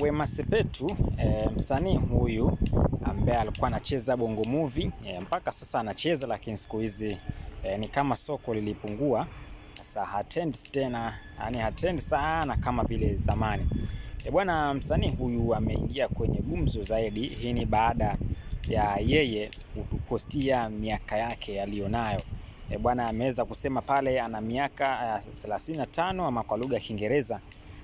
Wema Sepetu e, msanii huyu ambaye alikuwa anacheza Bongo Movie e, mpaka sasa anacheza, lakini siku hizi e, ni kama soko lilipungua. Sasa hatend tena, yani hatend sana kama vile zamani. E, bwana msanii huyu ameingia kwenye gumzo zaidi. Hii ni baada ya yeye kutupostia miaka yake aliyonayo. E, bwana ameweza kusema pale ana miaka 35 ama kwa lugha ya Kiingereza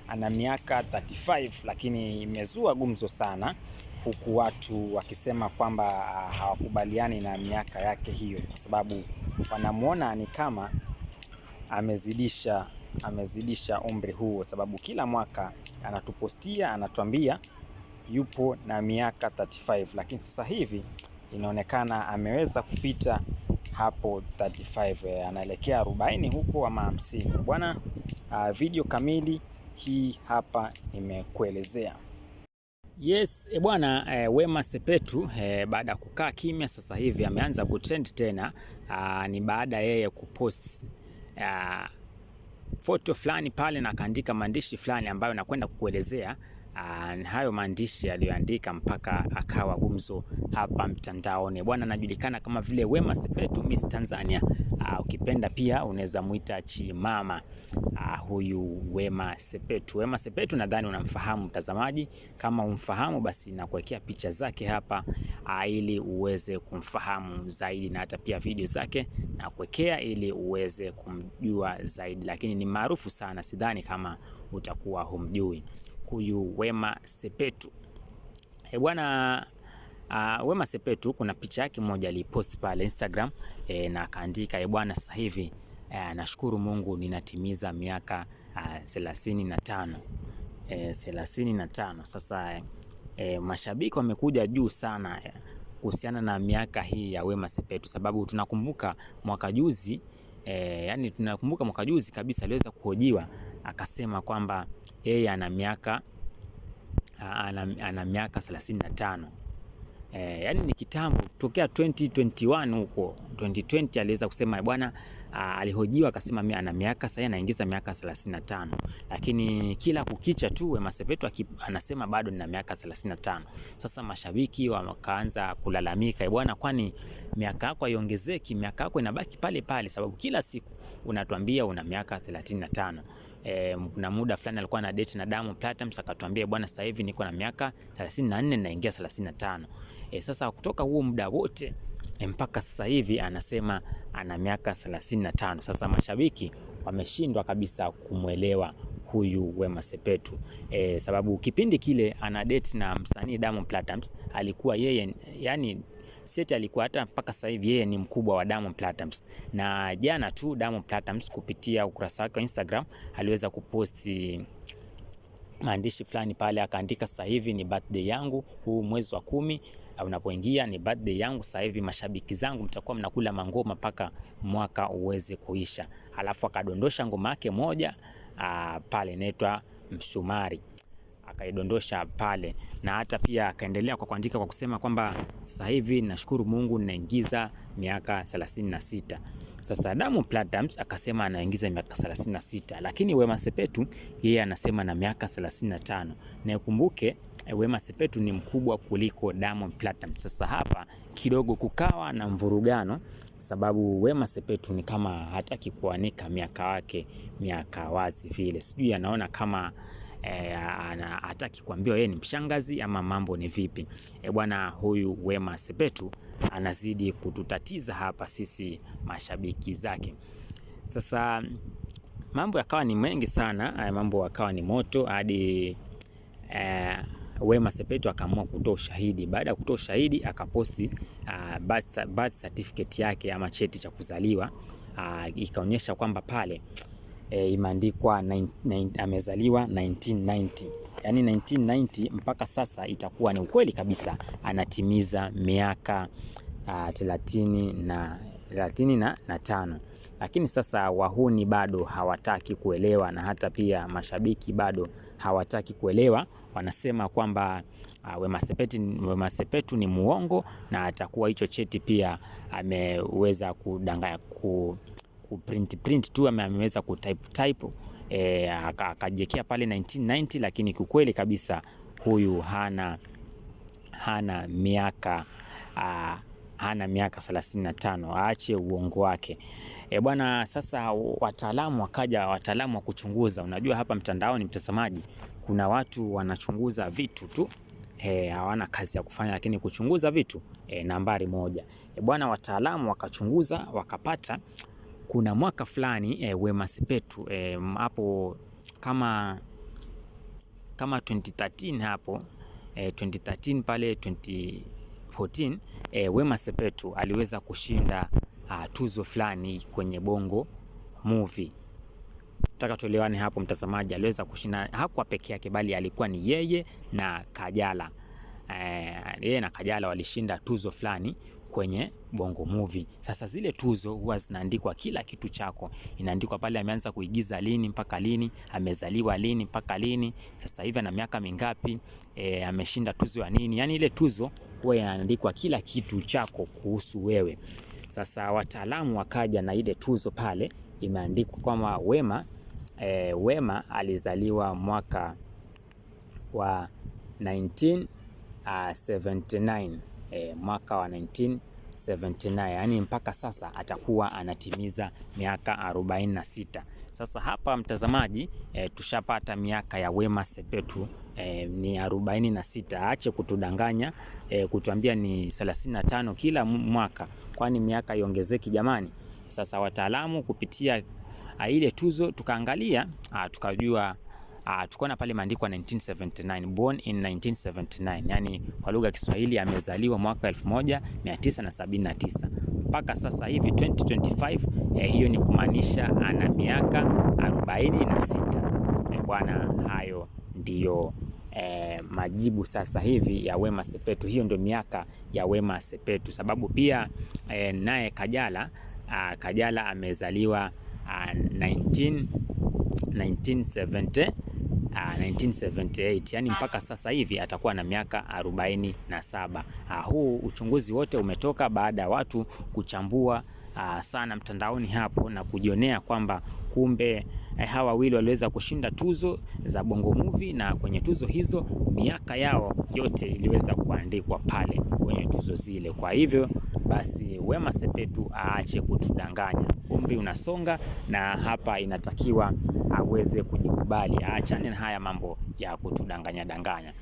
ana miaka 35 lakini imezua gumzo sana, huku watu wakisema kwamba ah, hawakubaliani na miaka yake hiyo, kwa sababu wanamwona ni kama amezidisha amezidisha umri huo, sababu kila mwaka anatupostia anatuambia yupo na miaka 35, lakini sasa hivi inaonekana ameweza kupita hapo 35, eh, anaelekea 40 huko ama 50 bwana. Ah, video kamili hii hapa nimekuelezea. Yes, e bwana e, Wema Sepetu e, baada ya kukaa kimya sasa hivi ameanza kutrend tena. A, ni baada yeye kupost foto fulani pale na kaandika maandishi fulani ambayo nakwenda kukuelezea uh, hayo maandishi aliyoandika mpaka akawa gumzo hapa mtandaoni. Bwana anajulikana kama vile Wema Sepetu Miss Tanzania. Uh, ukipenda pia unaweza muita Chimama. Uh, huyu Wema Sepetu. Wema Sepetu nadhani unamfahamu mtazamaji, kama umfahamu basi nakuwekea picha zake hapa uh, ili uweze kumfahamu zaidi na hata pia video zake na kuwekea ili uweze kumjua zaidi, lakini ni maarufu sana, sidhani kama utakuwa humjui huyu Wema Sepetu. E bwana uh, Wema Sepetu kuna picha yake moja alipost pale Instagram e, na akaandika e bwana, sasa hivi e, nashukuru Mungu ninatimiza miaka ah, thelathini na tano thelathini na tano sasa e, mashabiki wamekuja juu sana e, kuhusiana na miaka hii ya Wema Sepetu, sababu tunakumbuka mwaka juzi e, yani tunakumbuka mwaka juzi kabisa aliweza kuhojiwa akasema kwamba yeye ana miaka ana ana miaka 35 eh, yani ni kitambo tokea 2021 huko 2020 aliweza kusema bwana, alihojiwa akasema mimi ana miaka sasa anaingiza miaka 35, lakini kila kukicha tu Wema Sepetu anasema bado nina miaka 35. Sasa mashabiki wakaanza kulalamika eh, bwana, kwani miaka yako haiongezeki? Miaka yako inabaki pale pale, sababu kila siku unatuambia una miaka 35 e, na muda fulani alikuwa na date na Diamond Platnumz akatuambia, bwana, sasa hivi niko na miaka 34 naingia 35. E, sasa kutoka huo muda wote e, mpaka sasa hivi anasema ana miaka 35. Sasa mashabiki wameshindwa kabisa kumwelewa huyu Wema Sepetu e, sababu kipindi kile ana date na msanii Diamond Platnumz alikuwa yeye yani Seth alikuwa hata mpaka sasa hivi yeye ni mkubwa wa Diamond Platnumz, na jana tu Diamond Platnumz kupitia ukurasa wake wa Instagram aliweza kuposti maandishi fulani pale, akaandika sasa hivi ni birthday yangu, huu mwezi wa kumi unapoingia ni birthday yangu sasa hivi, mashabiki zangu mtakuwa mnakula mangoma mpaka mwaka uweze kuisha. Alafu akadondosha ngoma yake moja a, ah, pale inaitwa Msumari akaidondosha pale, na hata pia akaendelea kwa kuandika kwa kusema kwamba sasa hivi nashukuru Mungu ninaingiza miaka 36. Sasa Diamond Platnumz akasema anaingiza miaka 36, lakini Wema Sepetu yeye anasema na miaka 35, na ikumbuke eh, Wema Sepetu ni mkubwa kuliko Diamond Platnumz. Sasa hapa kidogo kukawa na mvurugano, sababu Wema Sepetu ni kama hataki kuanika miaka wake miaka wazi vile, sijui anaona kama e, kuambiwa yeye ni mshangazi ama mambo ni vipi. E, bwana huyu Wema Sepetu anazidi kututatiza hapa sisi mashabiki zake. Sasa mambo yakawa ni mengi sana, eh, mambo yakawa ni moto hadi e, Wema Sepetu akaamua kutoa ushahidi. Baada ya kutoa ushahidi, akaposti uh, birth certificate yake ama cheti cha kuzaliwa uh, ikaonyesha kwamba pale e, imeandikwa amezaliwa 1990 yaani 1990 mpaka sasa itakuwa ni ukweli kabisa, anatimiza miaka uh, thelathini na thelathini na, na tano. Lakini sasa wahuni bado hawataki kuelewa, na hata pia mashabiki bado hawataki kuelewa. Wanasema kwamba uh, Wema Sepetu, Wema Sepetu ni muongo na atakuwa hicho cheti pia ameweza kudanganya ku, kuprint print tu ameweza kutype type e, akajiwekea pale 1990 lakini kiukweli kabisa huyu hana hana miaka a, ah, hana miaka 35, aache uongo wake e, bwana. Sasa wataalamu wakaja, wataalamu wa kuchunguza. Unajua hapa mtandaoni, mtazamaji, kuna watu wanachunguza vitu tu e, hawana kazi ya kufanya, lakini kuchunguza vitu e, nambari moja e, bwana. Wataalamu wakachunguza wakapata kuna mwaka fulani e, eh, Wema Sepetu e, eh, hapo kama kama 2013 hapo e, eh, 2013 pale 2014 e, Wema Sepetu aliweza kushinda a, ah, tuzo fulani kwenye Bongo Movie. Nataka tuelewane hapo mtazamaji, aliweza kushinda, hakuwa peke yake bali alikuwa ni yeye na Kajala. Eh, yeye na Kajala walishinda tuzo fulani kwenye Bongo Movie. Sasa zile tuzo huwa zinaandikwa kila kitu chako, inaandikwa pale ameanza kuigiza lini mpaka lini, amezaliwa lini mpaka lini, sasa hivi ana miaka mingapi, e, ameshinda tuzo ya nini. Yaani ile tuzo huwa inaandikwa kila kitu chako kuhusu wewe. Sasa wataalamu wakaja na ile tuzo pale imeandikwa kwamba Wema e, Wema alizaliwa mwaka wa uh, ah, 79 eh, mwaka wa 1979, yani mpaka sasa atakuwa anatimiza miaka 46. Sasa hapa mtazamaji eh, tushapata miaka ya Wema Sepetu e, ni 46. Aache kutudanganya e, kutuambia ni 35 kila mwaka, kwani miaka iongezeki jamani? Sasa wataalamu kupitia ah, ile tuzo tukaangalia ah, tukajua uh, tukaona pale maandiko 1979 born in 1979, yani kwa lugha ya Kiswahili amezaliwa mwaka 1979 mpaka sasa hivi 2025. Eh, hiyo ni kumaanisha ana miaka 46. Eh, bwana, hayo ndiyo eh, majibu sasa hivi ya Wema Sepetu. Hiyo ndio miaka ya Wema Sepetu, sababu pia eh, naye Kajala uh, Kajala amezaliwa uh, 19, 1970 1978, yani mpaka sasa hivi atakuwa na miaka 47. Ah, huu uchunguzi wote umetoka baada ya watu kuchambua uh, sana mtandaoni hapo na kujionea kwamba kumbe eh, hawa wawili waliweza kushinda tuzo za Bongo Movie na kwenye tuzo hizo miaka yao yote iliweza kuandikwa pale kwenye tuzo zile, kwa hivyo basi Wema Sepetu aache kutudanganya. Umri unasonga na hapa inatakiwa aweze kujikubali, aachane na haya mambo ya kutudanganya danganya.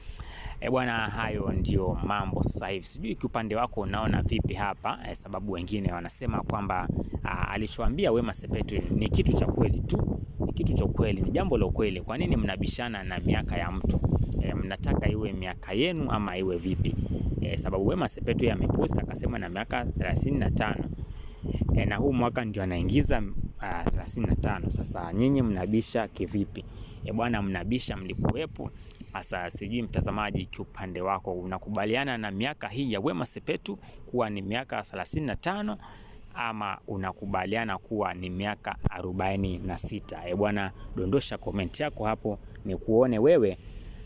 E bwana, hayo ndio mambo sasa hivi. Sijui kiupande wako unaona vipi hapa e, sababu wengine wanasema kwamba alichoambia Wema Sepetu ni kitu cha kweli tu, ni kitu cha kweli, ni jambo la kweli. Kwa nini mnabishana na miaka ya mtu e, mnataka iwe miaka yenu ama iwe vipi? e, sababu Wema Sepetu amepost akasema na miaka 35 e, eh, na huu mwaka ndio anaingiza uh, ah, 35. Sasa nyinyi mnabisha kivipi? E, bwana mnabisha, mlikuwepo. Sasa sijui mtazamaji, kiupande wako unakubaliana na miaka hii ya Wema Sepetu kuwa ni miaka 35 ama unakubaliana kuwa ni miaka 46? E bwana, dondosha komenti yako hapo, ni kuone wewe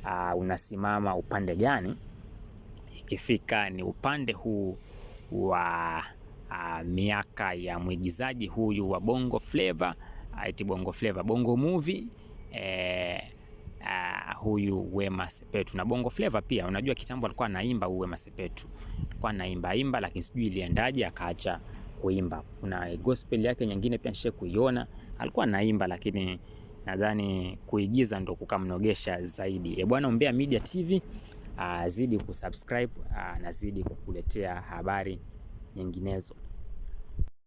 uh, unasimama upande gani? ikifika ni upande huu wa a, ah, miaka ya mwigizaji huyu wa Bongo Flava aiti Bongo Flava, Bongo Movie e, eh, a, ah, huyu Wema Sepetu na Bongo Flava pia. Unajua kitambo alikuwa anaimba huyu Wema Sepetu, alikuwa anaimba imba, lakini sijui iliendaje akaacha kuimba. Kuna gospel yake nyingine pia nishe kuiona, alikuwa anaimba lakini nadhani kuigiza ndo kukamnogesha zaidi. E bwana, Umbea Media TV uh, zidi kusubscribe uh, na zidi kukuletea habari nyinginezo.